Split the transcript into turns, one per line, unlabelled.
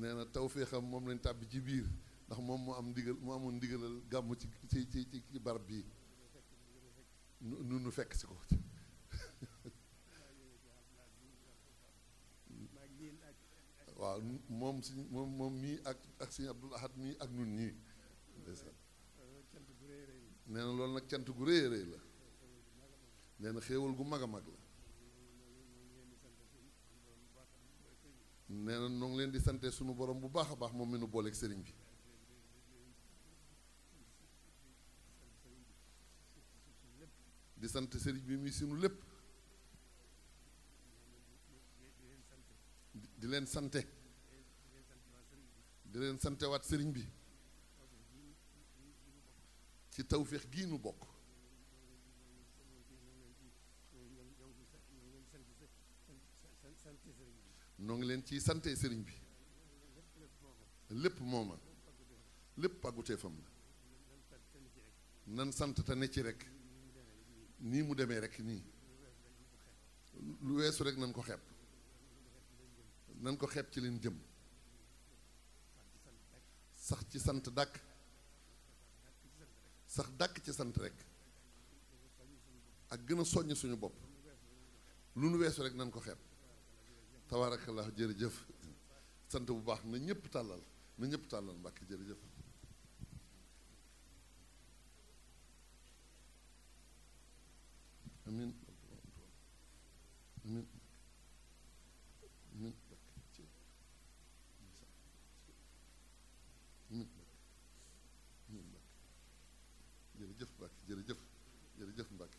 nee na tawféexam moom lañ tàbbi ci biir ndax moom moo am ndigal mu amoon ndigalal gàmm ci ci ci ci barab bii nu fekk si ko waaw moom si moom mii ak ak mii ak nun ñii loolu nag cant gu rëy a la nee na xéewal gu mag a mag la nee na ñoo ngi leen di sante suñu borom bu baax a baax moom mi nu booleeg sëriñ bi di sant sëriñ bi muy sunu lépp
di leen sante di leen
santewaat sëriñ bi ci tawféex gii nu bokk noo ngi leen ciy sante sëriñ bi lépp mooma lépp pàggutee fam la nan sant te ne ci rek nii mu demee rek nii lu weesu rek nan ko xeeb nan ko xeeb ci leen jëm sax ci sant dàkk sax dàkk ci sant rek ak gën a soññ suñu bopp lu nu weesu rek nan ko xeeb tabaarakallah jërëjëf sant bu baax na ñëpp tàllal na ñëpp tàllal mbàkk jërëjëf amin amin amin
amin
jërëjëf mbàkk jërëjëf